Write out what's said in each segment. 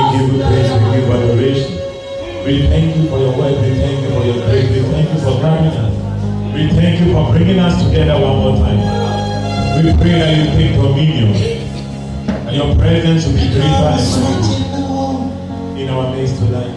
We give you praise, we give adoration. We thank you for your word, we thank you for your grace, we thank you for guiding us. We thank you for bringing us together one more time. We pray that you take dominion and your presence will be greater and in our midst tonight.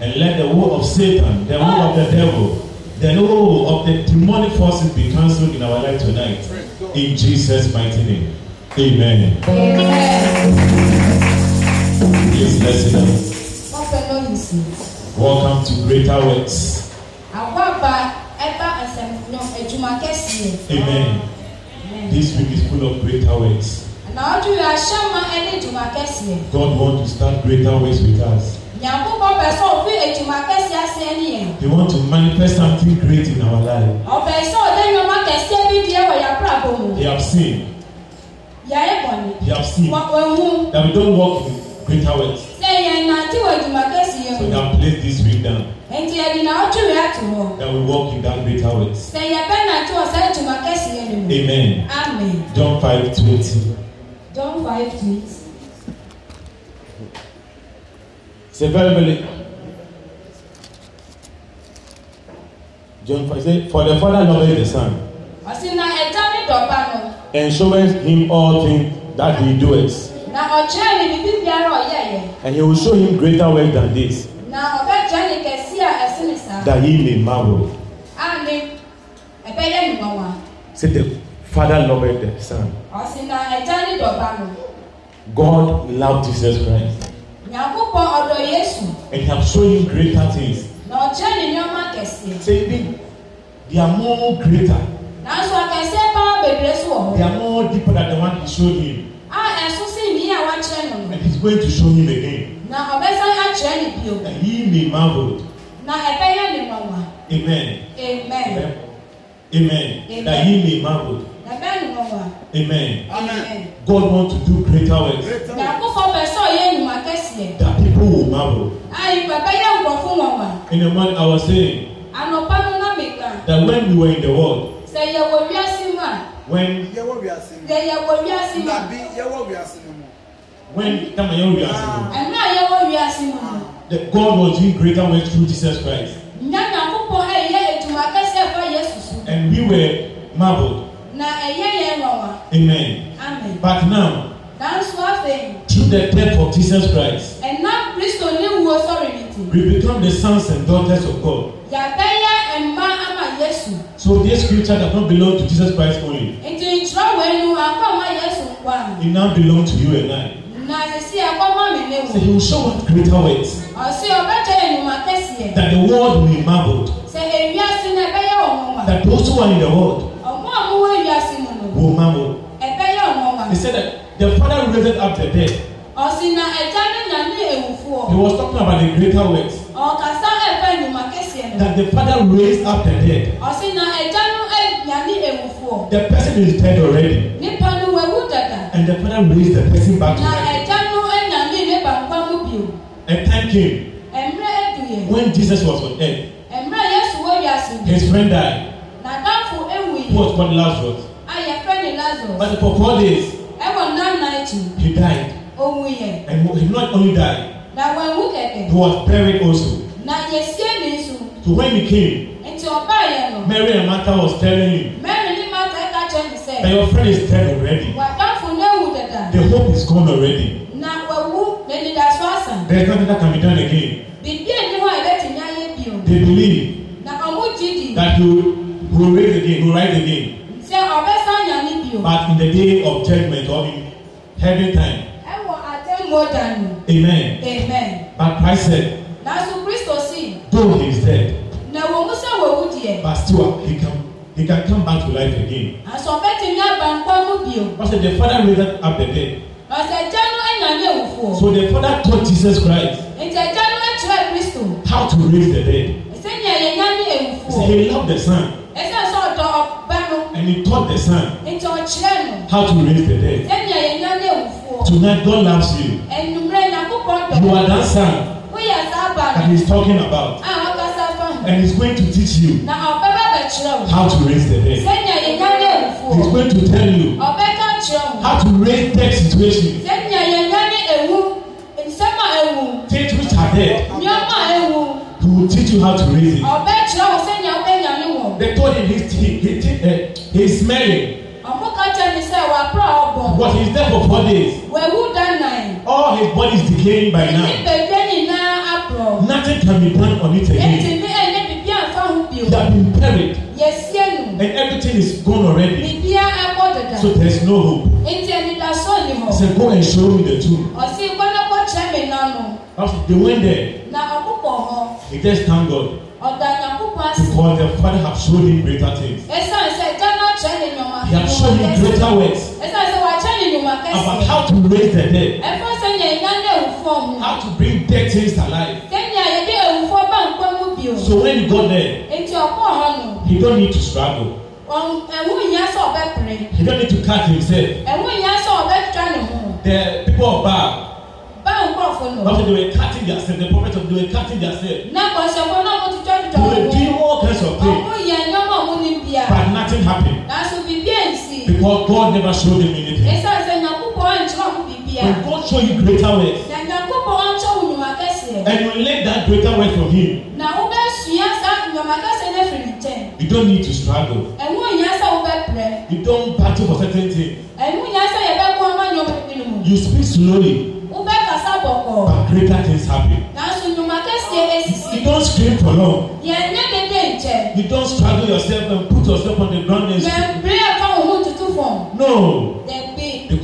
and let the will of Satan, the will of the devil, the will of the demonic forces be cancelled in our life tonight. In Jesus' mighty name. Amen. Amen. Please listen up. Welcome to Greater Works. Amen. Amen. This week is full of greater works. God wants to start greater works with us nyankopɔn pɛ sɛ ofi edwuma kɛse ase ne yɛn. they want to manifest something great in our life. ɔpɛ sɛ ɔde nneɛma kɛseɛ bi deɛ wɔ yakurabɔ mu. they have seen. yàrá bɔnni. they have seen. wọ́n ehu. that we don work in greater works. sɛ yɛn nante wɔ edwuma kɛse yɛn. so we can place this week down. nti yɛde na ɔtwe wia to hɔ. that we work in that greater works. sɛ yɛ bɛ nante wɔ sɛ edwuma kɛse yɛn mu. amen. amen. john five twenty. john five twenty. C'est verbally. John 5 say, For the Father loveth the Son. And showeth him all things that he doeth. And he will show him greater work than this. Uh, uh, that he may marvel. Say the Father loveth the Son. God loved Jesus Christ. Nyankopɔn ɔdɔ Yesu. And he has shown you greater things. Na ɔkyerɛ ne nneɛma kɛseɛ. Say they they are more greater. Nanso akɛseɛ paa bebree so wɔ hɔ. They are more deeper than the one he showed him. A ɛso si yi a wakyerɛ no. And He is going to show him again. Na ɔbɛsan akyerɛ ne bio. That he may marvel. Na ɛbɛyɛ ne nwanwa. Amen. Amen. Amen. Amen. That he may marvel. Na bɛyɛ ne nwanwa. Amen. Amen. God want to do greater works. Greater works aseɛ. that people will marvel. a ìgbà bẹ́yẹ nkurɔfo wọn wa. in the man I was saying. anɔpa no na mi ka. that when we were in the world. sɛ yɛ wɔ wiase mu a. when. yɛ wɔ wiase mu. sɛ yɛ wɔ wiase mu. nabi yɛ wɔ wiase mu. when tama yɛ wɔ wiase mu. ɛnna yɛ wɔ wiase mu. that God was doing greater works through Jesus Christ. nyana kókó ẹ yẹ ètò akẹ́sẹ̀ fún Yesu sùn. and we were marvelled. na ẹ yẹ yẹ nọ wa. amen. amen. but now. To the death of Jesus Christ. We become the sons and daughters of God. So this scripture does not belong to Jesus Christ only. It now belongs to you and I. So he will show us greater works. E. That the world will be marveled. E that those who are in the world will marvel. E he said that The father raised up the dead. Ọ̀sìn na ẹja nínà ní ewufu ọ. He was talking about the greater works. Ọ̀kasa ẹ̀fẹ̀ ìnùmọ̀ kẹsì ẹ̀. That the father raised up the dead. Ọ̀sìn na ẹja nínà ní ewufu ọ. The person is dead already. Nípa ni wẹ̀wú dàda. And the father raised the person back to life. Na ẹja nínà ní ní bàbá mú bìó. A time came. Ẹ̀mìrẹ́ ẹ̀dùnyẹ̀. When Jesus was on earth. Ẹ̀mìrẹ́ Yẹ́sù wọ́n yà sí. His friend died. Nàdàfọ̀ ewì. Who was called Lazarus? Ayẹ̀fẹ́ ni Lazarus. But for four days. He died. Oh, And he not only died, Now when we he was buried also. Now So when he came, Mary and Martha was telling him that your friend is dead already. The hope is gone already. There's nothing that can be done again. They believe that you will raise again, you will rise again. But in the day of judgment or in heavy time. ẹ wọ àtẹ̀mọ́ dànù. amen. amen. but Christ said. nasu kristo sí. though he is dead. na wòwú sẹ́ wòwú diẹ. but still he can he can come back to life again. àsọ̀fẹ́ ti ní àbànkọ́mú bìó. wọ́n sẹ́ the father raised up the dead. ọ̀sẹ̀ jánu ẹ̀yàn ní òwúfọ̀. so the father taught Jesus Christ. ǹjẹ́ jánu ẹ̀ tún ẹ̀ kristo. how to raise the dead. ìsẹ́yìn ẹ̀yẹ̀ yá ní èwúfọ̀. he loved the son. ẹ̀sẹ̀ sọ̀tọ̀ ọ̀bẹ́nu. and he taught the son. ǹjẹ́ ọ̀kyerẹ́ nù. how to raise the dead. Tonight, God loves you. You are that son that He's talking about. Ah, And He's going to teach you how to raise the dead. He's going to tell you how to raise dead situations. Things which are dead. He will teach you how to raise it. They told him his, he he his, his marriage ọ̀pọ̀. But he is there for four days. Wẹ̀wú dáná ẹ̀. All his body is decaying by now. Ètí bèbè nínú àpọ̀. Nothing can be done on it again. Ètì mi ẹ̀ ní àfáhùn bì o. They have been buried. Yẹ sí ẹnu. And everything is gone already. Bìbí akọ dada. So there is no hope. Ètì ẹni sọ ni họ. He said go and show me the tomb. Ọ̀sìn ìgbọ́dọ̀kọ̀ kyẹ́ nánu. After they went there. Na ọkụkọ họ. He just thank God. Ọ̀dànyà Because the father have showed him greater things. Ẹ̀sán ẹ̀sán ìjọba ọ̀kyẹ́ ni ọmọ He has shown him greater works about how to raise the dead. ẹ̀fọ́ sẹ́yìn ẹ̀yà lè wù fọ́ mu. how to bring dead things alive. sẹ́yìn àyẹ̀dẹ́ ewu fọ́ bá ń pẹ́ mú bí o. so when you go there. ètò ọkọ ọ̀hún nù. he don't need to struggle. ẹ̀wù ìyẹn sọ ọ̀bẹ pẹ̀rẹ̀. he don't need to cut himself. ẹ̀wù ìyẹn sọ ọ̀bẹ tura nì mú. the people of Baal. báwo kọ̀ fún mi. but they were cutting their self the prophet of they were cutting their self. nàkọ̀ ṣẹ̀fọ́ náà mo ti jọ́ ìjọ they were all kinds of things. but nothing happened. because God never showed him anything but God show you greater works. na nyankopɔn akyɛ wo nnwuma kɛseɛ. and you learn that greater work from him. na wo bɛ sua saa nnwuma kɛseɛ ne firi ne you don't need to struggle. ɛnu nyɛ sɛ wo bɛ pɛrɛ. you don't battle for certain things. ɛnu nyɛ sɛ yɛ bɛ kó ɔmá nyɔm pínpín mu. you speak slowly. wo bɛ kasa bɔkɔ. but greater things happen. nanso nnwuma kɛseɛ esisi. you don't scream for long. yɛn ne dede nkyɛn. you don't struggle yourself and put yourself on the ground and. yɛn bere ɛka wo ho no. yɛn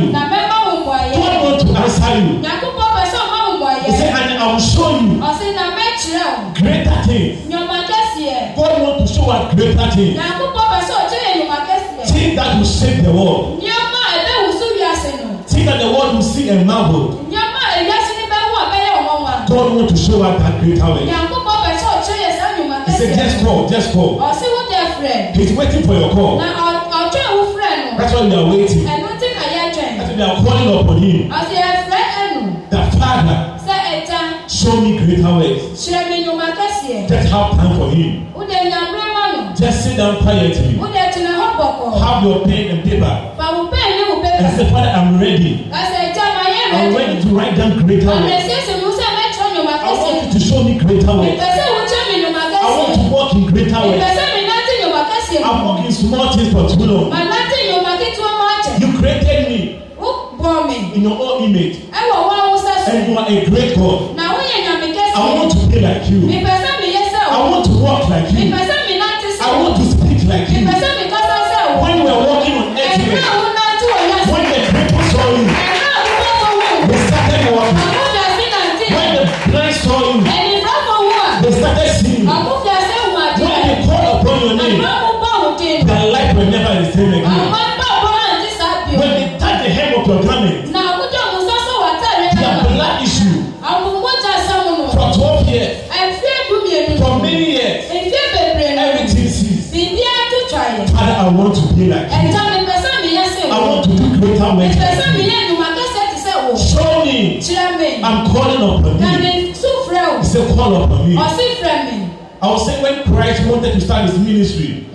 you. Na mẹ́fà wò wà yẹ. God want to answer you. Nyàkúbọ̀ bẹ̀ sọ̀ má wò wà yẹ. He say and I will show you. Ọ̀sẹ̀ na mẹ́tìrẹ̀ o. Greater thing. Nyọ̀mà kẹ́sì ẹ̀. God want to show us greater thing. Nyàkúbọ̀ bẹ̀ sọ̀ ọ̀jẹ̀ yẹ kẹ́sì ẹ̀. Thing that will save the world. Nyọ̀mà ẹ̀dẹ̀ wù sùn yà nù. Thing that the world will see and marvel. Nyọ̀mà ẹ̀yà sí bẹ́ẹ̀ wà bẹ́ẹ̀ yẹ ọmọ wa. God want to show us that greater way. Nyàkúbọ̀ say just call just call. Ọ̀sẹ̀ wọ́n tẹ̀ fẹ̀. He is waiting for your call. That's why we are waiting they are calling upon him. Àti ẹ̀fẹ́ ẹnu. The father. Sẹ ẹja. Show me greater ways. Ṣé mi ni ma kẹ́sì Just have time for him. Wúdẹ ìyàgbé mọ́nù. Just sit down quietly. Wúdẹ tìlẹ̀ hó bọ̀kọ̀. Have your pen and paper. Fàwọn bẹ́ẹ̀ ni wò bẹ́ẹ̀. And say father I am ready. Ẹsẹ̀ ìjà máa yẹ ready. I am ready to write down greater ways. Àmì ẹ̀sẹ̀ ẹ̀sẹ̀ Musa mẹ́tọ́ ni ma kẹ́sì. I want you to show me greater ways. Ìfẹsẹ̀ ìwúchẹ́ mi ni ma kẹ́sì. I want to work in greater ways. Ìfẹsẹ̀ mi náà ti ni ma kẹ́sì. I am working small things for too long. Màlá tí ni ma kí tí wọ́n máa jẹ. You created me in your own image. ẹ wọ wọn awusa so. and you are a great God. na wọn yẹ nyamikẹsẹ. I want to be like you. mi pẹsẹ mi yẹ sẹ I want to walk like you. mi pẹsẹ empowerment. Oh, Show me. I'm calling upon you. Nàmi tún fẹ́ He say call upon me. Ọ̀sìn I was saying when Christ wanted to start his ministry.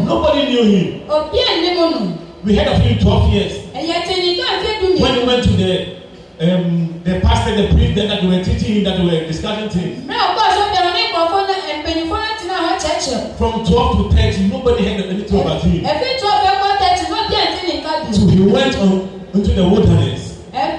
Nobody knew him. Oh, we heard of him 12 years. When he went to the um, the pastor, the priest, then that they were teaching him, that they were discussing things. From 12 to thirty, nobody heard anything about him. To he went on into the wilderness.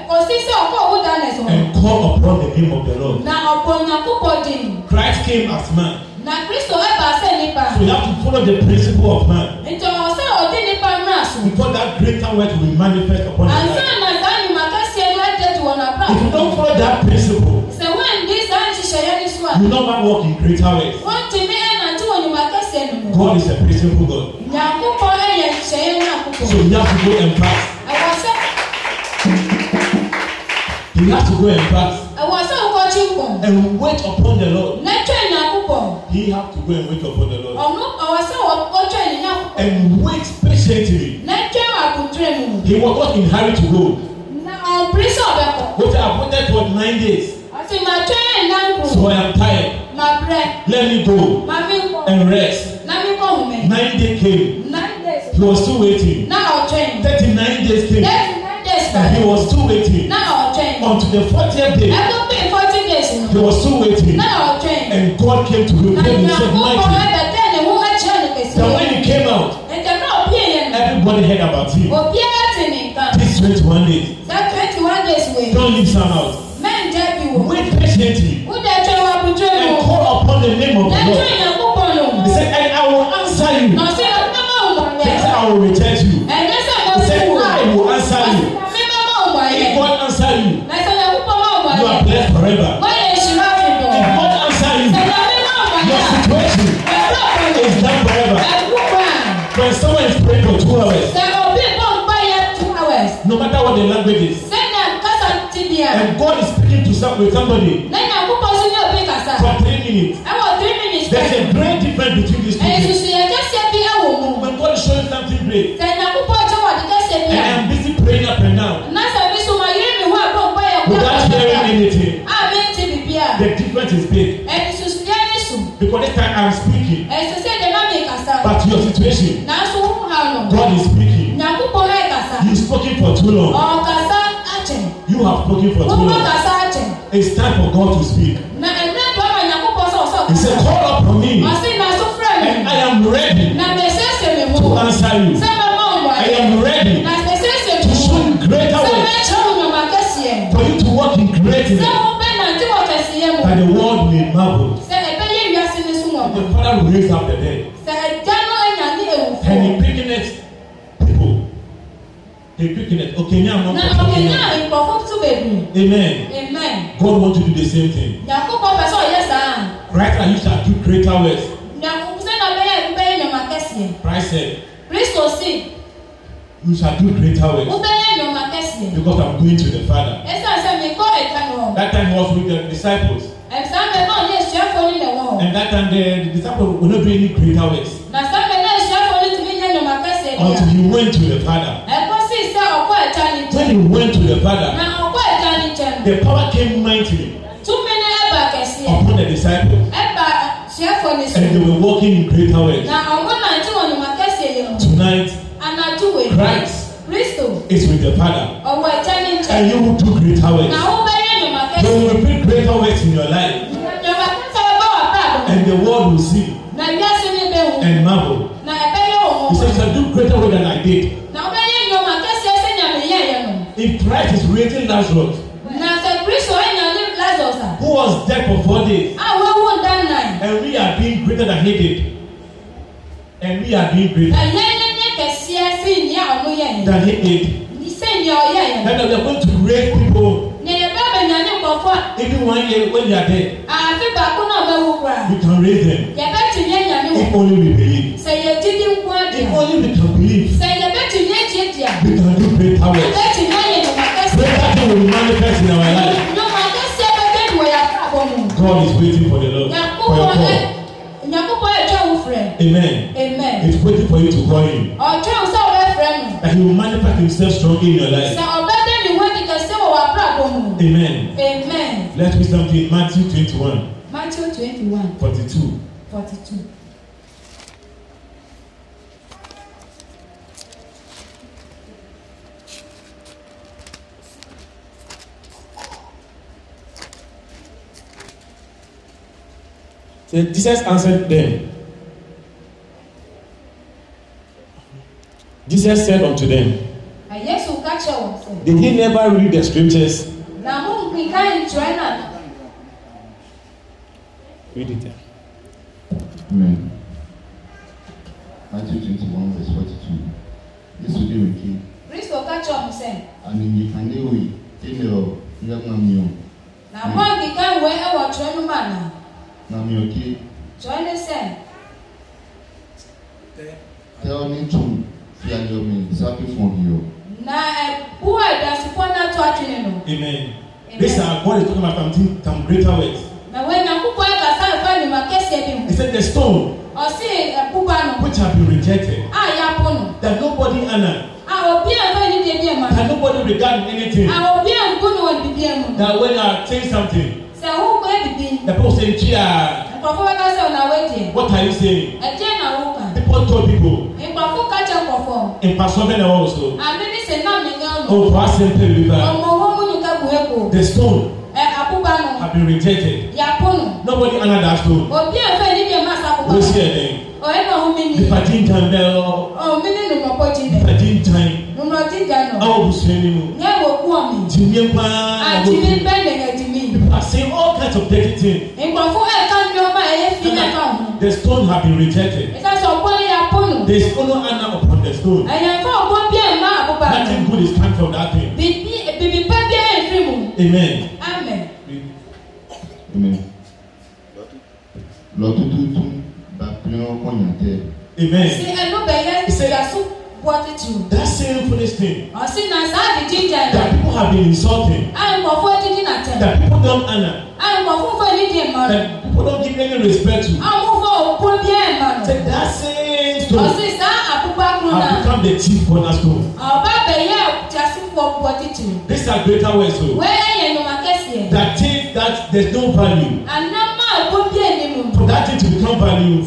Kò sí sí ọkọ̀ wilderness o. And call upon the name of the Lord. Na ọ̀pọ̀ na púpọ̀ di. Christ came as man. Na Kristo ẹ̀bà ṣe nípa. So we have to follow the principle of man. Ìjọba ọ̀sẹ̀ òdì nípa náà sùn. Before that greater work will manifest upon us. Àṣà àná ìdáhùn màkà sí ẹni ẹ̀jẹ̀ tí wọ́n náà bá. If you don't follow that principle. Ṣé wọ́n ń dín sáà ń ṣiṣẹ́ yẹn ní sùn? You no man work in greater ways. Wọ́n ti mí ẹ̀ God is a principle God. Yàkùkọ ẹ̀yẹ̀ ṣẹ̀yẹ̀ So you have to go and pass. You have to go and pass. And wait upon the Lord. He have to go and wait upon the Lord. And wait patiently. He was not in hurry to go. What I wanted for nine days. So I am tired. Let me go and rest. Nine days came he was still waiting. Náà ọjọ́ yìí. thirty-nine days came. thirty-nine days came. he was still waiting. Náà ọjọ́ yìí. until the fortieth day. Ẹ tó pé forty days nù. he was still waiting. Náà ọjọ́ yìí. and God came to reveal himself mightily. Nàìjíríà kúkọ ẹ̀bẹ̀ tẹ́ ẹ̀ wọ́n ẹ̀jẹ̀ ẹ̀ lẹ́gbẹ̀sẹ̀. then when he came out. ẹ̀jẹ̀ náà bí èèyàn. everybody heard about him. òbí ẹ̀ ti nìkan. this twenty-one days. that twenty-one days wey. don't leave some out. Men jẹ́ bí wò. wait patiently. ó dẹ̀ jẹ́ wá bójú ẹ̀ wò. and call upon the name of the Lord. nàìjíríà kúkọ lòun. he said and I will answer you. nọ̀sí I will reject you. ẹ̀jẹ̀ sẹ́ sí wò. he said I will answer you. mi bá bá wà if God answer you. ẹ̀sẹ̀ lè kúkọ́ bá wà you are blessed forever. wọ́n yẹ ìṣúná fi bọ̀. if God answer you. ẹ̀jẹ̀ mi bá wà your situation is done forever. ẹ̀kú when someone is praying for two hours. sẹ́kọ̀ bí bọ́ ń bá two hours. no matter what the language is. sẹ́ni àkásà ti di à. and God is speaking to somebody. lẹ́yìn. to speak. Ẹni sùn yẹ ní sùn. Because this time I am speaking. Ẹ̀sìn sí ẹ̀dẹ̀ máa mi kàsá. But your situation. Náà sùn hún hà nù. God is speaking. Nyàkúkọ rẹ̀ kàsá. You spoken for too long. Ọ̀kàsá àjẹ̀. You have spoken for too long. Gbogbo kàsá àjẹ̀. It's time for God to speak. Na ẹ̀mí ẹ̀dọ́ ọ̀rọ̀ nyàkúkọ sọ̀sọ̀. He said call up upon me. Màsí na sún fúrẹ̀ mi. And I am ready. Na mèsè sè mi mú. To answer you. Sábà máa wà. I am ready. Na mèsè sè for you To show greater way. Sábà ẹ̀ that the world may marvel. Sẹ The father will raise up the dead. And he quickened people. He quickened Okenya among the Okenya. Na Okenya nkọ̀fọ́ tún bèbí. Amen. Amen. God wants to do the same thing. Yàkùkọ̀ pẹ̀sọ̀ yẹ sàn. Christ and you shall do greater works. Yàkùkù sẹ́nà bẹ́yẹ̀ ń bẹ́yẹ̀ yọ̀mà kẹ́sìẹ̀. Christ said. Kristo sì. You shall do greater works. Mo bẹ́yẹ̀ yọ̀mà kẹ́sìẹ̀. Because I'm going to the Father. That time he was with the disciples that time the, the disciples were not doing any greater works. na sábẹ̀ náà ṣẹ́fọ̀ ní tìmí yẹn lọ́mọ akẹ́sẹ̀ yẹn. until he went to the father. ẹ̀kọ́ sì sẹ́ ọ̀pọ̀ ẹ̀ta ni jẹ́. when he went to the father. na ọ̀pọ̀ ẹ̀ta ni jẹ́. the power came mightily. túnbí ní ẹ̀bà kẹ̀sí ẹ̀. upon the disciples. ẹ̀bà ṣẹ́fọ̀ ní sùn. and they were walking in greater works. na ọ̀wọ́n náà tí wọ́n lọ́mọ akẹ́sẹ̀ yẹn. tonight. anadu wẹ̀. Christ. Christo. is with the father. ọ̀wọ̀ ẹ̀ta ni jẹ́. and you will do greater works. na ó and the world will see. Na ìyá sí ni bẹ́ẹ̀ wò. And marvel. Na ẹ̀bẹ̀ yẹ òun. He says I do greater work than I did. Na ọbẹ̀ yẹ ìyọ̀mọ̀ akẹ́sẹ̀ ẹsẹ̀ ní àmì yẹ ẹ̀yẹ nù. If Christ is raising Lazarus. Na sẹ Kristo ẹ̀ na live Lazarus. Who was dead for four days. Àwọn ewu ń dán náà. And we are being greater than he did. And we are being greater. Ẹ̀yẹ́ ní ní kẹ̀sí ẹ sí àwọn yẹ̀ yẹn. Than he did. Sẹ́ni ọ̀yẹ́ yẹn. And we are going to raise people. Nyẹ̀yẹ̀ bẹ́ẹ̀ bẹ̀ nyẹ̀ ní nkọ̀fọ́. Even one year when you are there praise him. yɛbɛtumi anya ne wɔ. if only we believe. sɛ yɛgyidi nko adeɛ. if only we can believe. sɛ yɛbɛtumi agyie deɛ. we can do greater work. yɛbɛtumi ayɛ ne ma kɛse. greater thing will manifest in our life. nyɔnma kɛse bɛbɛ ni wɔ yàtɔ abɔ mu. God is waiting for the Lord. Nyakubɔ ɛ nyakubɔ ɛtwa wo frɛ. amen. amen. it's waiting for you to call him. ɔtwa wo sɛ ɔbɛ frɛ that he will manifest himself strongly in your life. sɛ ɔbɛ dɛ ni wɔ di kɛse wɔ wɔ amen. amen. let's read something in Matthew twenty 21. 42. 42. The Jesus answered them. Jesus said unto them, Did he never read the scriptures ame ne sɛ nam ne ŋa no. ɔnkɔ asɛm pɛ mi ba. ɔmɔ hɔ mu nyika bu ɛko. the stone. ɛ akuba no. have been rejected. yapo no. nobody honor that stone. obi a fɛ ni diɛ ma sa kuba. wosi yɛ dɛ. ɔyɛ na ɔmo mi ni. nipa ti n tan bɛ lɔ. ɔ mi ni nunɔ kɔ ti dɛ. nipa ti n tan. nunɔ ti dan nɔ. awo busua ni mu. nyɛ wo ku ɔmi. jimi paa. a jimi bɛ nɛgɛ jimi. nipa se all kinds of dirty things. nkɔfo ɛka ndɔma ɛyɛ fi ɛka ho. the stone have been rejected. ɛsɛ sɔ pɔli yapo no. there is no honor upon the stone. ɛyɛ people dey stand for that thing. bìbí bìbí pẹ́ bí ẹ̀ fi mu. amen. amen. amen. lọ́tútútù bá pínlẹ̀ ọkọ̀yàn tẹ. amen. ṣe ẹnu bẹ̀yẹ ìṣèlásù bọ́tí tù. that same foolish thing. ọ̀sìn náà sáà di jíjà ẹ̀. that people have been insulting. àìmọ̀ fún ẹdídì náà tẹ̀. that people don honour. àìmọ̀ fún fún ẹdídì ẹ̀ mọ̀ rẹ̀. that people don give any respect to. àwọn fún òkú bí ẹ̀ mọ̀ rẹ̀. that same story. ọ̀sìn sáà àkúgbà kúrò náà. have become the chief cornerstone. ọ̀bá These are greater words. Oh. So. That thing that there's no value. For that thing to become value.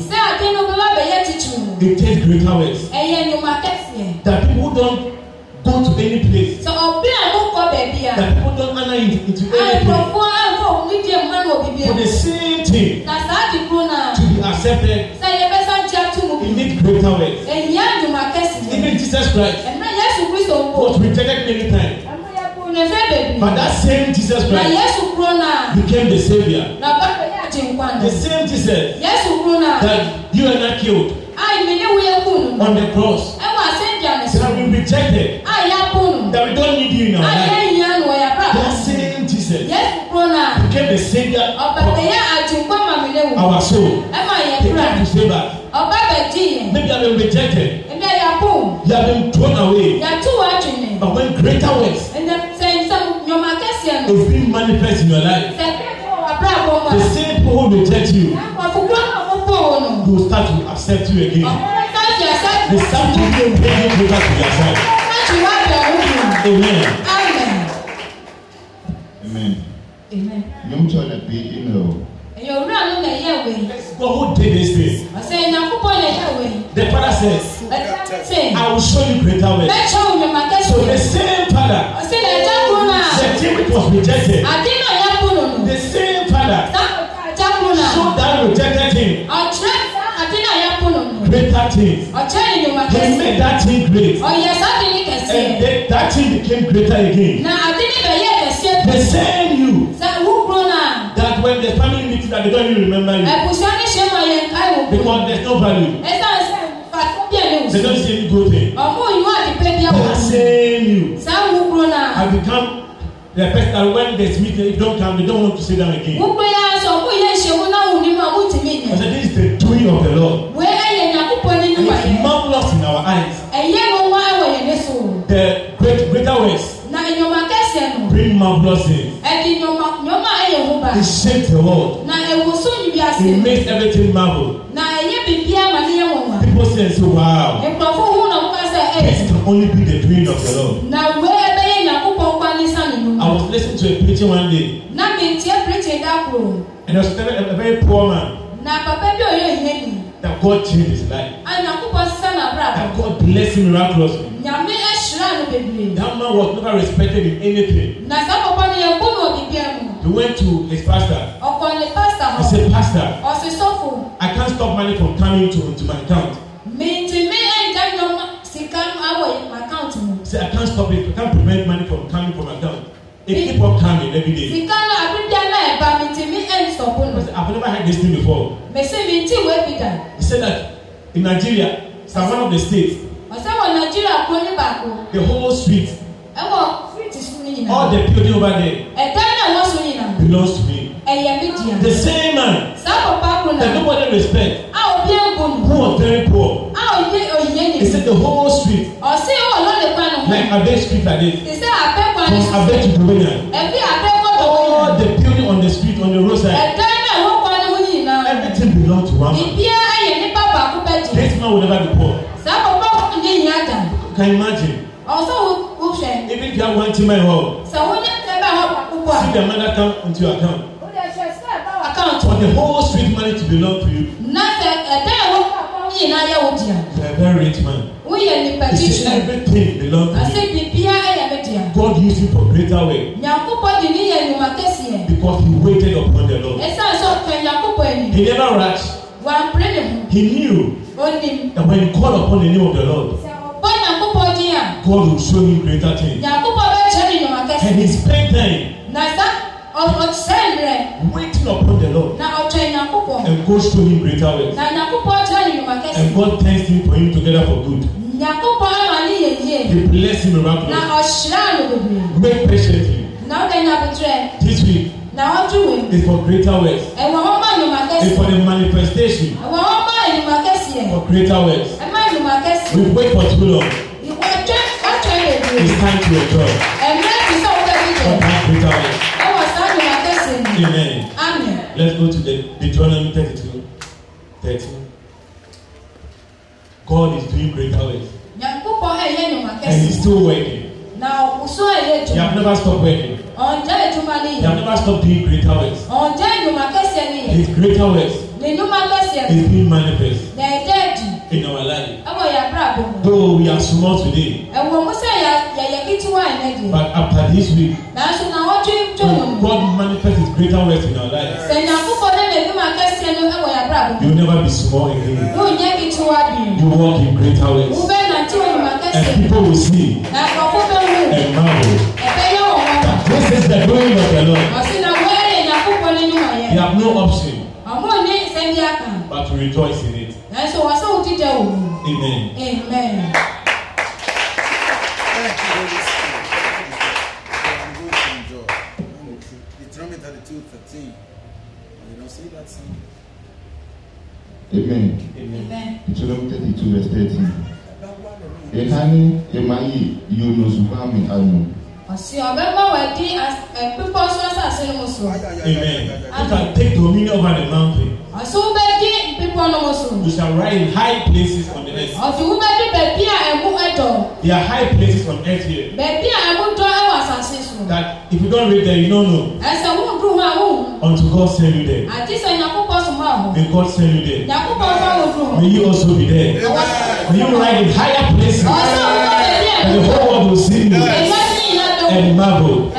It takes greater words. Eh, that people don't go to any place. Sọ ọbẹ̀ àkókò bẹ̀bí à. That people don't honor into into any place. Àìpọ̀fọ́ àìpọ̀ òun ní díẹ̀ mọ́nà òbí bí ẹ. For the same thing. Na sáàdì kúrò náà. To be accepted. Sẹ́yẹ bẹ́sẹ̀ ń jẹ́ àtúmù. You need greater ways. Ẹ̀yìn àdùnmọ̀ akẹ́sì. Even Jesus Christ. Eh, was rejected many times. But that same Jesus Christ became the Savior. The same Jesus that you and I killed ah, on the cross. So that we rejected. Ah, that we don't need you now. our ah, life. That same Jesus became the Savior of our soul. He came to save us. Maybe I've been rejected. You have been greater works. If we manifest in your life, the same people who reject you, they will start to accept you again. Oh, they start to bring you closer to your side. Amen. Amen. Amen. Yom tɔ le Amen. Amen. Amen. Ẹ̀yọ̀ òwúrọ̀ ló lè yẹ̀ who did this thing. Ọ̀sẹ̀ ìyàkúbọ̀ lè yẹ̀ wẹ̀. The father says. I will show you greater ways. was rejected. Akino Yakuno. The same father. Yakuno. So that rejected him. Akino Yakuno. Greater things. He made that thing great. Oyesabini kese. And they, that thing became greater again. Na Akino Beye kese. The same you. Sa Ukrona. That when the family meets that they don't even remember you. Ebusiani Shema Yenkai Ukrona. Because there's no value. Esa They don't see any good thing. Ọmọ òyìnbó àti pé bí ọmọ. That same you. Sáà wúkúrò náà. Have become the person when they meet they don't come they don't want to see them again. wọ́n pe aṣọ fún ilé ìṣèwọ́ náà wù nínú àwọn òtí mi. I said this is the doing of the Lord. wẹ́ ẹ̀yẹ ní àkókò nínú ẹ̀. it It's marvelous in our eyes. ẹ̀yẹ́ ló wá ẹ̀wọ̀ yẹn ní sòrò. the great greater ways. na ìyọ̀mà kẹsẹ̀ nù. bring marvelous things. ẹ̀dì ìyọ̀mà ìyọ̀mà ẹ̀yẹ̀ wò bá. it shakes the world. na ẹ̀wọ̀ sóyún bí a ṣe. it makes everything marvel. na ẹ̀yẹ́ bìbí àmà ní ẹ̀wọ̀n wa. people say so wow. ìpàfọ́ òun náà wọ́n ká sẹ́ ẹ̀. this can only be the doing of the Lord. na was listening to a preaching one day. Na mi tie preaching that room. And I was telling a, a very poor man. Na papa bi oye ihe That God changed his life. Anyakubo sisan na bra. That God bless him miraculously. Nyame ehyira no bebree. That man was never respected in anything. Na saa papa ni yɛ kunu obi bi ɛmu. He went to his pastor. Ọkọ ni pastor hɔ. He said pastor. Ọsẹ sọfọ. I can't stop money from coming to, to my account. Mi ti mi ẹja yọ sika awọ my account mu. He said I can't stop it I can't prevent money from coming from my account keep on coming every day. Sìkánà àbídá náà ẹ̀bà mi ti mí ẹ̀ ń sọ̀kú nù. I've never heard this thing before. Mèsì mi tí ìwé bì dà. He said that in Nigeria, some one of the states. Ọ̀sẹ̀ wọ Nàìjíríà kú ní bàkú. The whole street. Ẹ wọ fíìtì sún ní yìnyín. All the building over there. Ẹ̀dá e náà wọ́n sún yìnyín. Belongs to me. Ẹ̀yẹ e mi di yàn. The same man. Sábà pákó náà. That nobody respect. A ò bí ẹ̀gbọ́n. Who was very poor. A ò yé òyìnbó yìí. He said the whole street. Ọ̀sẹ̀ wọ̀ lọ́lẹ̀ panu. Like Abeg street like this. He said must avert dominion. Ẹbí àdékò dominion. All the building on the street on the roadside. Ẹ̀dá náà ló kọ́ ni wọ́n yìí Everything belong to one man. Ìbí ayè ní bàbá kú bẹ́ẹ̀ This man will never be poor. Sábà bá òkun ní ìyá àjà. Can you imagine? Ọ̀sán wo wo fẹ́. Even if you have one team at home. Sàwọn ní ẹgbẹ́ bá wà púpọ̀. See the mother come into your account. Ó lè ṣe ṣe ẹ̀ bá wà. Account. For the whole street money to belong to you. Nàṣẹ ẹ̀dá ẹ̀wọ̀ kọ̀ yìí náà yẹ wò di à. You are a very rich man. Wúyẹ̀ nípa jíjù. He everything belong use you greater way. Nyankopɔn de ni yɛ nnwuma kɛseɛ. Because he waited upon the Lord. Ɛsan sɛ ɔka Nyankopɔn ani. He never rushed. Wampere ne ho. He knew. Onim. That when he called upon the name of the Lord. Bɔ Nyankopɔn din a. God will show him greater things. Nyankopɔn bɛ kyerɛ ne nnwuma kɛseɛ. And he spent time. Na sa ọsẹn rẹ. waiting upon the lord. na ọjọ ìyàkùpọ̀. and God show him greater ways. na ìyàkùpọ̀ ọjọ́ ìyàkùpọ̀ kẹsì. and God thanks him for him together for good. ìyàkùpọ̀ yie. You bless him around Na ọ̀ṣirà ló bèbè. Make patiently. Na ó dẹ̀ ní abitrẹ̀. This week. Na ọdún wẹ̀. Is for greater works. Ẹ̀wọ̀n wọn bá ìlú Màkẹ́sì. Is for the manifestation. Ẹ̀wọ̀n wọn bá ìlú Màkẹ́sì yẹn. For greater works. Ẹ má ìlú Màkẹ́sì. We wait for too long. Ìwọ ọjọ́ ọjọ́ yẹn dùn. It's time to enjoy. Ẹ̀mí ẹ̀mí sọ wọ́n bẹ́ẹ̀ jẹ. For that greater works. Ẹ̀wọ̀n sáà ìlú Màkẹ́sì yẹn. Amen. Amen. Let's go to the Deuteronomy thirty-two thirteen. God is doing greater works. And he's still working. Now, so you have never stopped working. You have never stopped doing greater works. His greater works It's been manifest in our life. Though we are small today, but after this week, God manifests His greater works in our life. You will never be small again. You walk in greater works and people will see and marvel. That this is the doing of the Lord. You have no option but to rejoice in it. Amen. Amen. Amen. Amen. Deuteronomy 32 verse 13 yɛkane yɛmayi yono sukwami ano. ɔsi ɔbɛma wadi eh, pepɔ so asase no mu so. amen you can take dominion over the mountain. ɔsi wo bɛ di pepɔ no mu so. you shall ride in high places on the earth. ɔsi wo bɛ di baabi a ɛmu ɛdɔ. there are high places on earth here. baabi a ɛmu dɔ ɛwɔ asase so. that if you don read there you no know. ɛsɛ wo dun hɔ a wo. unto God send you there. àti sɛ nyakubɔ. May God send you there. May you also be there. May you ride in higher places. And the whole world will see you and marvel.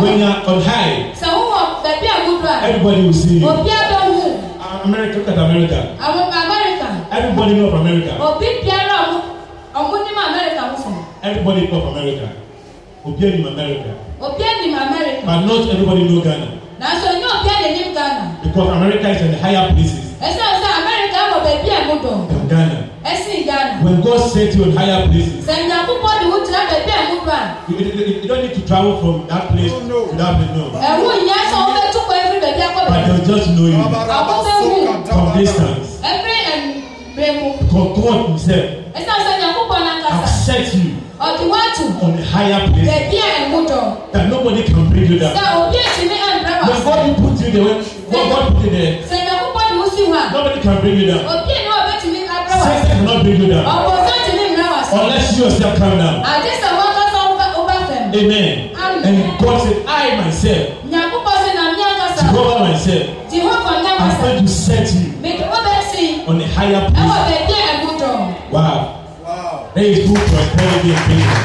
When you are on high, everybody will see you. America, look at America. Everybody know of America. Everybody know of America. Obi anim America. Obi anim America. But not everybody know Ghana because America is in the higher places. ẹsẹ̀ ọ̀sán America wọ̀ bẹ̀bí ẹ̀ mú dùn. than Ghana. ẹ̀sìn Ghana. when God set you in higher places. sẹ̀ǹdà púpọ̀ ni wọ́n tẹ̀lé bẹ̀bí ẹ̀ mú dùn. you you don't need to travel from that place oh, no. to that place no. ẹ̀wù ìyá sọ wọ́n fẹ́ túkọ̀ every bẹ̀bí ẹ̀kọ́ bẹ̀bí. but they just know you. àkúfẹ́ wù. from distance. every um, bremu. God himself you want on a higher place. bẹẹbi ẹ mú that nobody can bring you down. sọ obi èsì ní ẹ̀ ń God put you there God God put you there. sẹ̀yìn akókò ni mo sì wá. nobody can bring you down. obi ènìyàn ọbẹ̀ tì mí abẹ́ wá. sẹ́sẹ̀ cannot bring you down. ọ̀pọ̀ sẹ́sẹ̀ tì mí mìíràn unless you yourself calm down. àdìsẹ̀ wọn kọ́ sọ ó bá fẹ̀. amen. and God say I myself. nyàkókò sí na mi àkàsà. Jehovah myself. Jehovah nyàkàsà. I stand to set you. mi kò bẹ́ẹ̀ sí. on a higher place. ẹ wọ bẹ̀ẹ́ bí ẹ̀ mú wow. There is room for equality and freedom.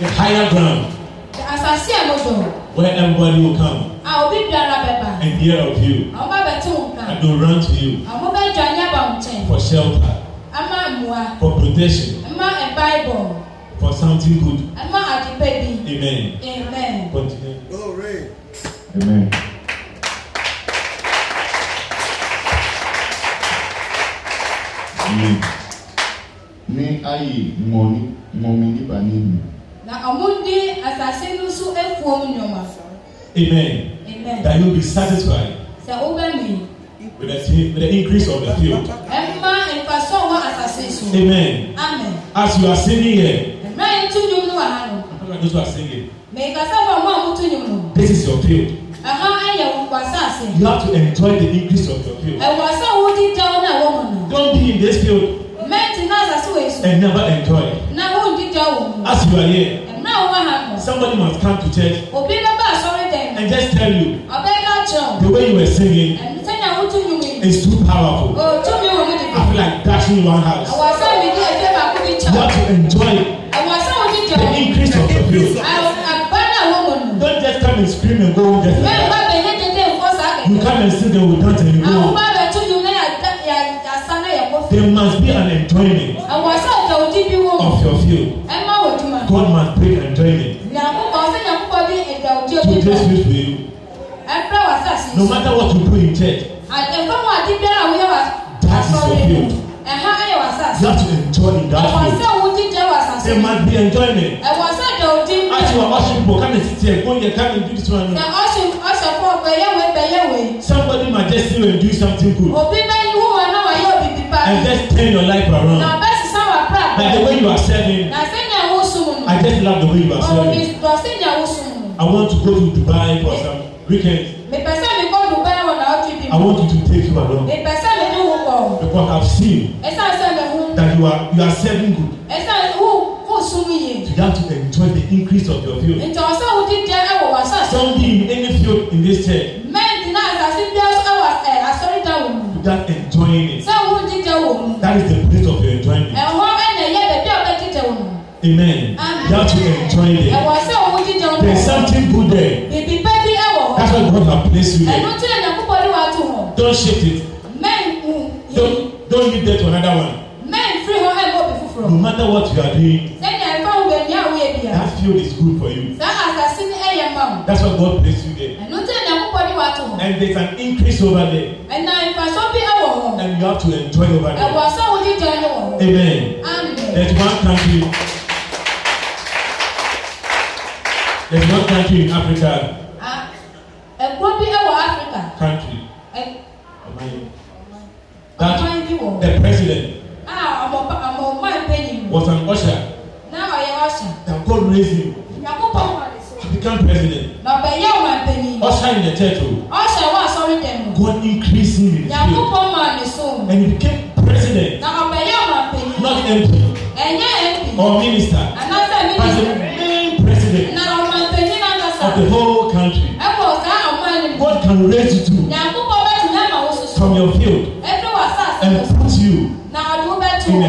The higher ground. The asase a Where everybody will come. I will be bẹ̀ bá. And hear of you. I will bẹ̀ tó nǹkan. And run to you. I will jọ ní àbá For shelter. A máa mú wa. For protection. A máa ẹ̀ e Bible. For something good. A máa àdìpẹ́ Amen. Amen. Continue. Glory. Amen. Amen ayɛ ŋɔni ŋɔmini ba ne mu. na ɔmo di asase no so efuom nneɛma so. amen. amen. that you be satisfied. sɛ o bɛ mi. with the with the increase of the field. ɛ ma nfaso wɔ asase so. amen. amen. as you are singing here. mmaa yi tu nnwom no wɔ ha no. mmaa yi tu asinging. mɛ nkasa fɔ ɔmo a mo tu nnwom no. this is your field. Aha ayɛ wasase. You have to enjoy the increase of your field. Ɛwɔ asɛ wo di dɛw na ɛwɔ mu Don't be in this field and never enjoy. Na wo di ja wo. As you are here. Na wo ha Somebody must come to church. Obi bẹ bá asọri dẹ. And just tell you. Ọbẹ ká jọ. The way you were singing. Ẹni sẹ́ni àwọn tún yún mi. It's too powerful. O tún mi wò ní dìbò. I feel like dashing one house. Àwọn asẹ́mi ní ẹgbẹ́ bàkú mi jọ. What to enjoy. God must bring enjoyment. Nyankopɔn sɛ Nyankopɔn de ɛdawudie bi bɔ. To this way. Ɛbrɛ wa sɛ asisi. No matter what you do in church. Ɛfɛ mu adi biara wo yɛ wa. That is your field. Ɛha ɛyɛ wa sɛ asisi. You have to enjoy in that way. Ɛwɔ sɛ wo di jɛ wa sase. There must be enjoyment. Ɛwɔ sɛ dawudi bi. Ati wa ɔsi bɔ kani sisi here. Come and do this one. Na ɔsi ɔsi fɔ bɛyɛ wɛ bɛyɛ wɛ. Somebody might just see you and do something good. Obi bɛ wo wɔ na wa yɛ obi And just turn your life around. Na bɛ sisan wa pra. By the way you are serving. I just love the way you are swearing. I want to go to Dubai for some weekend. I want you to take you along. Because I've seen that you are you are serving good. You have to enjoy the increase of your field. Something in any field in this church. Eh, Without enjoying it. That is the place of your enjoyment. Eh, eh, Amen. Amen. Ah, that we enjoy there. ẹ̀wọ̀ sẹ́ òun jíjẹ ọdún. there is something good there. bèbí pẹ́ bí ẹ̀wọ̀. that's why God has placed you there. ẹnu tí ènìyàn púpọ̀ ní wàá tù wọ̀. don't shift it. Men, kù mm, yìí. don't don't leave that to another one. Men, free hàn ẹ̀ mọ́ bí fúfurọ̀. no matter what you are doing. sẹ́ni àìfẹ́ òun bẹ̀rẹ̀ ní àwọn ènìyàn. that field is good for you. sá àkàsí ni ẹ̀yẹ mọ́. that's why God placed you there. ẹnu tí ènìyàn púpọ̀ ní wàá tù wọ̀. and there is an increase over there. ẹ̀nà ìfàsọ́ bí ẹ̀wọ̀ wọ̀. and you have to enjoy over there. ẹ̀wọ̀ sẹ́ òun jíjẹ ọdún wọ̀. amen. amen. there's one country. There's no country in Africa. Ẹ̀kọ́ bí ẹ wọ Africa. Country. That the president. Ah, ọmọ ọmọ ọmọ ìpẹ́yìn. Was an usher. Náà ọ̀yẹ́ usher. That God raised him. Yàgò pọ̀. president. Nà ọ̀bẹ̀ yẹ́ ọmọ ìpẹ́yìn. Usher in the church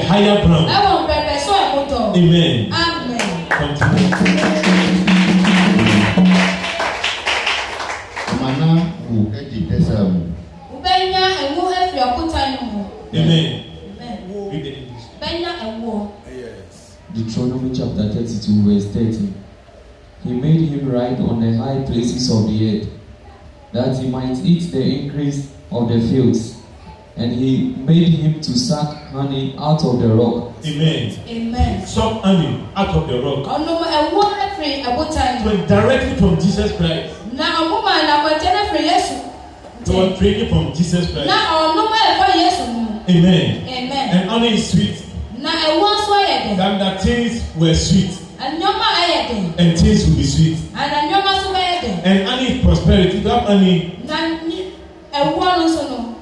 higher ground. ẹ̀wọ̀n amen. amen. mana wo ɛdi pɛsɛ mu. wobɛnya ɛwo ɛfiri ɔkuta no mu. amen. bɛnya ɛwo. Deuteronomy chapter thirty-two verse thirty. He made him ride on the high places of the earth, that he might eat the increase of the fields And he made him to suck honey out of the rock. Amen. Amen. Suck honey out of the rock. Ọ̀nùmọ̀ ẹ̀wọ́ ẹ̀fìn ẹ̀bùtàn. When directly from Jesus Christ. Na ọ̀múmọ̀ àlàkọ̀jẹ́ ẹ̀fìn Yéṣu. They were drinking from Jesus Christ. Na ọ̀nùmọ̀ ẹ̀fọ́ Yéṣu mu. Amen. Amen. And honey is sweet. Na ẹ̀wọ́ sọ yẹ dẹ̀. Than that things were sweet. Ànyọ́mọ̀ ẹ̀yẹ dẹ̀. And things will be sweet. And Ànyọ́mọ̀ sọ bẹ́ẹ̀ dẹ̀. And honey is prosperity. That honey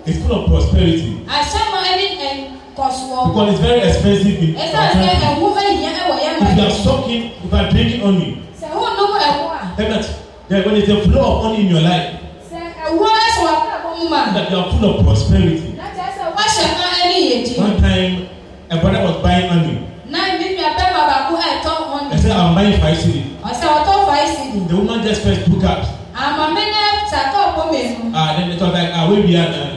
is full of prosperity. àṣàmọ ẹni ẹnkọsọ. because it's very expensive in our country. ẹsẹ̀ ẹ̀wú ẹ̀yẹ ẹ̀wọ̀ yẹn mọ̀. if you are sucking if you are drinking honey. sẹ̀wọ́ nínú ẹ̀wọ́ à. ẹ̀mẹ̀t there when there is a flow of honey in your life. sẹ̀ ẹ̀wọ́ ẹ̀sọ̀ wà fún àbọ̀ mọ̀. that you are full of prosperity. láti ẹsẹ̀ wá ṣẹ̀ mọ́ ẹni yẹn one time a brother was buying honey. náà mi mi abẹ́ bàbá kú ẹ̀tọ́ honey. I am buying five cedi. ọ̀sẹ̀ ọ̀tọ̀ five cedi. the woman just first took out. àmọ̀ mi náà ṣàtọ̀ ọ̀pọ̀ mi. ah then they talk like ah wey be am na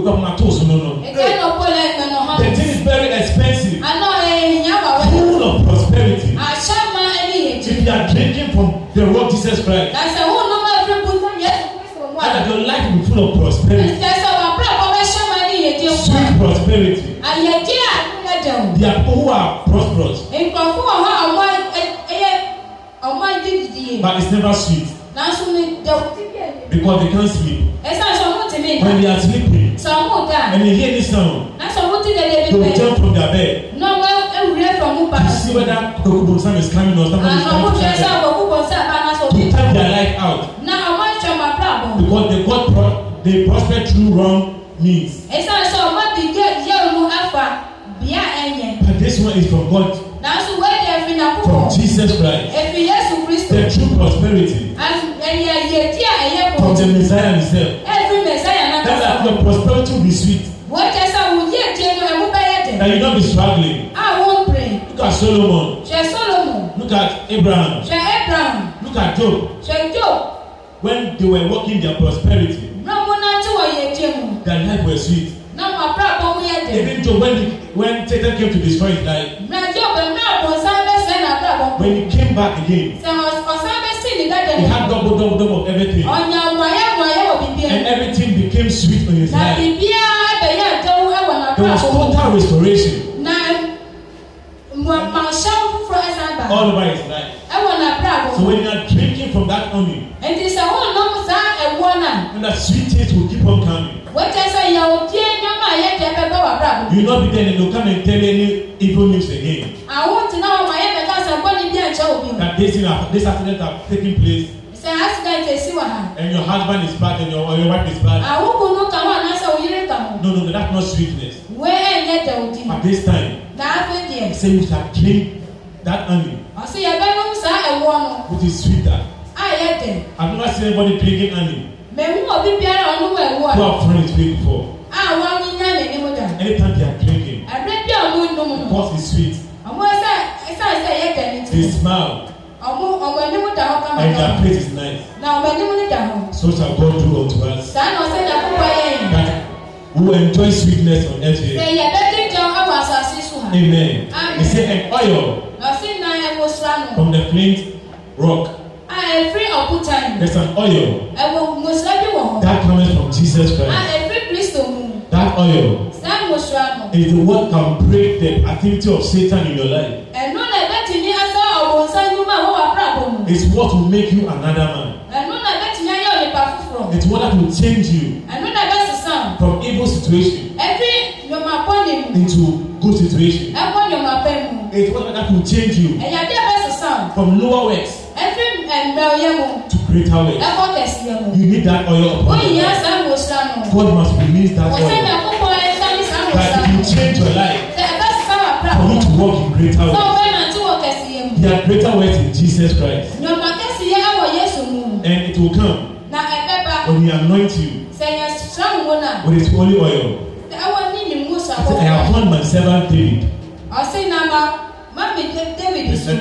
because na toes no no. The thing is very expensive. Eh, full of prosperity. If you are drinking from the rock Jesus Christ. Àṣà wo your life will be full of prosperity. Sweet prosperity. Àyẹ̀jẹ̀ They are people who are prosperous. But it's never sweet. Because they can't sleep. When they are sleeping. God. And you hear this song. That's a good thing that they will jump from their bed. No, well, they will from who pass. See whether Kokubonsam is coming or somebody is coming. To type their life out. Now, I want to my problem. Because they got pro they prospered through wrong means. It's not will be sweet. Wọ́n jẹ́ sẹ́ wò yé di ẹnu ẹ̀mú bẹ́yẹ̀ dẹ̀. And you no be struggling. I Àwọn pray. Look at Solomon. Ṣé Solomon. Look at Abraham. Ṣé Abraham. Look at Job. Ṣé Job. When they were working their prosperity. Rọ́mú náà tí wọ́n yẹ di ẹnu. Their life was sweet. Náà wà bá àbọ̀ wọ́n yẹ Even Job when when Satan came to destroy his life. Rẹ̀ Job ẹ̀ náà bọ̀ sábẹ́ sẹ́yìn àbúrò àbọ̀. When he came back again. Sẹ̀ ọ̀sábẹ́ sì ní dájẹ́. He had double double double of everything. Ọ̀nyàwó ayé wọ̀ ayé wọ̀ bíbí ẹ̀. And everything became sweet on his life. There was total restoration. All over his life. So when you are drinking from that honey, and oh, that sweet taste will keep on coming. You will not be there and come and tell any evil news again. E that this, this accident has taken place. Sẹ accident esi wà ha. And your husband is bad and your, your wife is bad. Àwùkù nù kàwọn àná sẹ òyìnbó kà mọ. No no no that's not sweetness. Wẹ́ẹ́ ẹ̀ ń yẹ tẹ̀ òdì. At this time. Dàáfẹ́ díẹ̀. Say you shall clean that animal. Ọ̀sẹ̀ yẹ bẹ́ẹ̀ mú sá ẹ̀wọ̀ nù. Which is sweeter. A yẹ tẹ̀. I never seen anybody drinking honey. animal. Mẹ̀mú òbí bíara ọ̀nùwẹ̀ wọ̀. Who are friends with before. and their place is nice. na ọmọ ẹni mu ni da hàn. so shall God do unto us. sáà náà ṣe dàkú pa yẹn. that we will enjoy sweetness on earth here. ṣèyẹ bẹ́ẹ̀ jẹun ọwọ́ àṣàṣì sùn. amen. amen. he say an oil. ọ̀sìn náà ẹ̀ kó sùn àná. from the flint rock. Ah, a efiri ọ̀kúta yìí. there is an oil. ẹ̀wọ̀ mọ̀sùlá bí wọ̀. that comes from Jesus Christ. Ah, a efiri kristo mu. that oil. sáà mọ̀sùlá nù. is the one can break the activity of Satan in your life. ẹ̀ is what will make you another man. Ẹnu náà bẹ́ẹ̀ yẹn yóò lè pa fúfurọ̀. It's what that will change you. Ẹnu náà bẹ́ẹ̀ sísan. From evil situation. Ẹbí yọ̀mọ̀ apọ́ ni mu. Into good situation. Ẹ̀kọ́ yọ̀mọ̀ apẹ́ mu. It's what that will change you. Ẹ̀yà bí ẹ bẹ́ẹ̀ sísan. From lower works. Ẹbí ẹ̀mbẹ̀ ọ̀yẹ́ mu. To greater works. Ẹ̀kọ́ kẹ̀sí ẹ̀ mu. You need that oil. Ó yẹ ẹ̀sán wò sánú. God must release that oil. Ọ̀sẹ̀ náà kókó ẹ̀sán ní sánú sánú. That will change your life. Ẹ̀ bẹ́ẹ̀ sísan For you to walk in greater works. Sọ wẹ́n náà tí wọ́n kẹ̀sí mu. There are greater works in Jesus Christ and it will come. Na ẹ̀bẹ̀ba. When he anoint you. Sẹ̀yìn sàn wo na. With his holy oil. Ẹ̀wọ̀n ní ni Musa kọ́. I have found my servant David. Ọ̀sìn náà ma, má mi David sùn.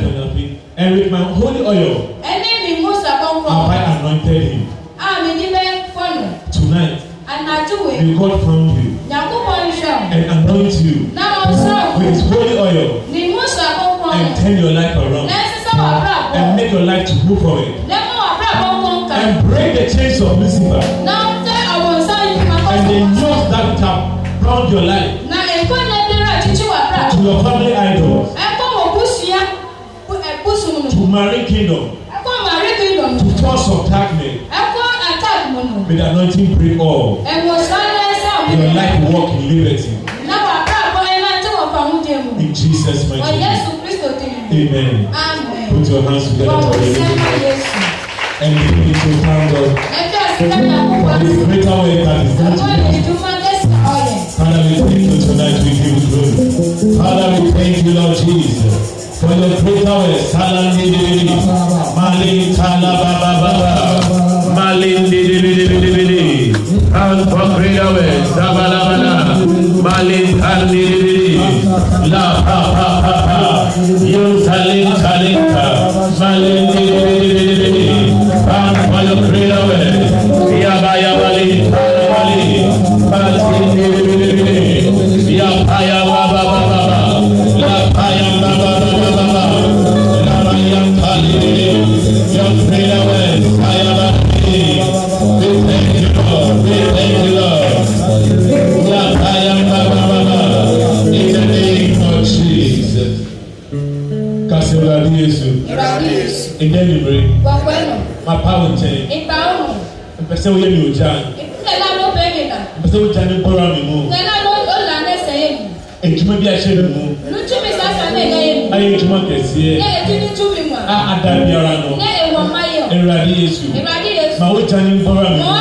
And with my holy oil. Ẹni mi Musa kọ́ kọ́. Have I anointed him? Àmì ní bẹ́ẹ̀ fọ́nù. Tonight. Ànájúwe. May God found you. Yàgùnbọ̀ iṣẹ́. And anoint you. Náà mo sọ. With his holy oil. And turn your life around. And make your life to move forward. Lẹ́kọ̀ọ́ and break the chains of Lucifer. na ntẹ àwọn nsá yìí ká kọ́. and the yoke that tap round your life. na ẹ̀kọ́ náà dẹ́rẹ́ àtúntí wà rà. to your family idols. ẹ̀kọ́ wọ̀ bùsùn ẹ̀bùsùn nù. to marry kingdom. ẹ̀kọ́ marry kingdom. to force of darkness. ẹ̀kọ́ attack nù. may the anointing bring all. ẹ̀wọ̀ sáré ẹ̀sán mi. your life work in liberty. náà wà rà àbọ̀ ẹ̀ tí wọ́n fà mú jẹ́ mu. in Jesus' name. ọ̀ Kristo ti amen. amen. put your hands together for the Lord and you need to thank God. For greater way that is that you tonight. We give you glory. Father, thank you, Lord Jesus, for the greater way. Salam Malin Tala Baba Malin Didibidibidibidi. And for greater way. Eh? Sabalabala. Malin Tandidibidi. La Pa Pa Pa Pa. Yun Salim Salim Pa. Malin Didibidi. sɛ woyɛ mi ogya ɛna ló bɛ mi la mpɛ sɛ ogya mi bɔra mi mu ɛna ló ló la ne sɛ yɛ mi edwuma bi ahyɛ mi mu lutumi mi ayɛ edwuma kɛseɛ mi bɔra mi mu ma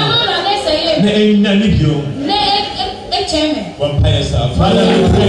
ló la ne mi ne enya ne bio ne e e kyɛn mi wɔn pa yɛ sa fa yɛ mi pe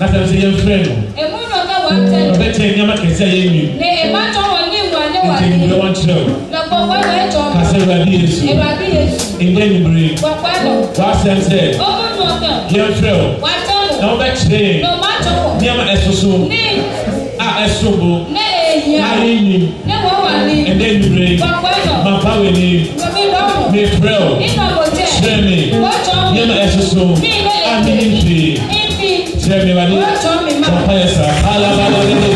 na sɛ sɛ yɛmfrɛ no ɛmu na ɔka wɔntɛ no ɔbɛkyɛ nneɛma kɛse a yɛnwi na ɛma tɔ wɔ ne mu ane wɔ ade nti wɔn kyerɛ wo na kɔkɔ na ɛtɔ no kasɛ awurade yesu awurade yesu ɛnyɛ nyibire kɔkɔ no wɔasɛm sɛ ɔmu na ɔka yɛmfrɛ wo wɔatɔ no na wɔbɛkyerɛ yɛn na ɔma tɔ wɔ nneɛma ɛsoso ne a ɛso bo ne ɛyia a ɛnyim ne wɔn wɔ ade ɛnyɛ nyibire kɔkɔ no mapa a ne nyim hwee Teme bali. Kapayasa. Hala bala bende.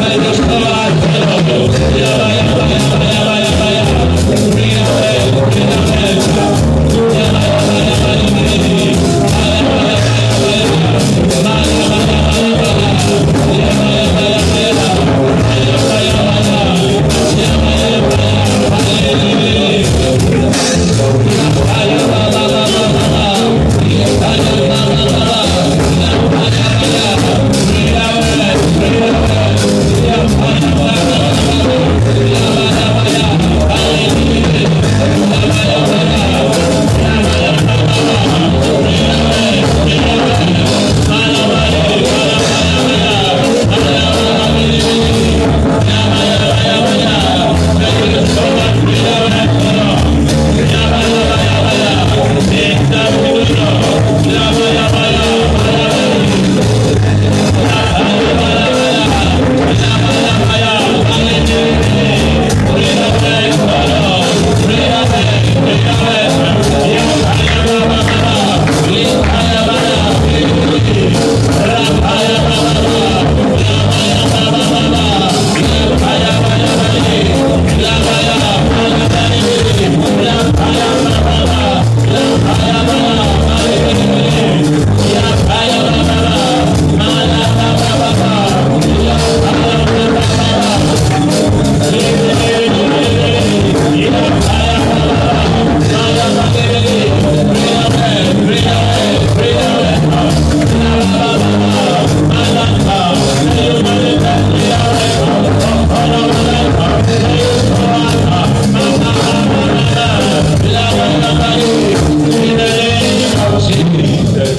Bali doshta bala. Yaba yaba yaba yaba yaba yaba. Bring it up, bring it up, bring it up.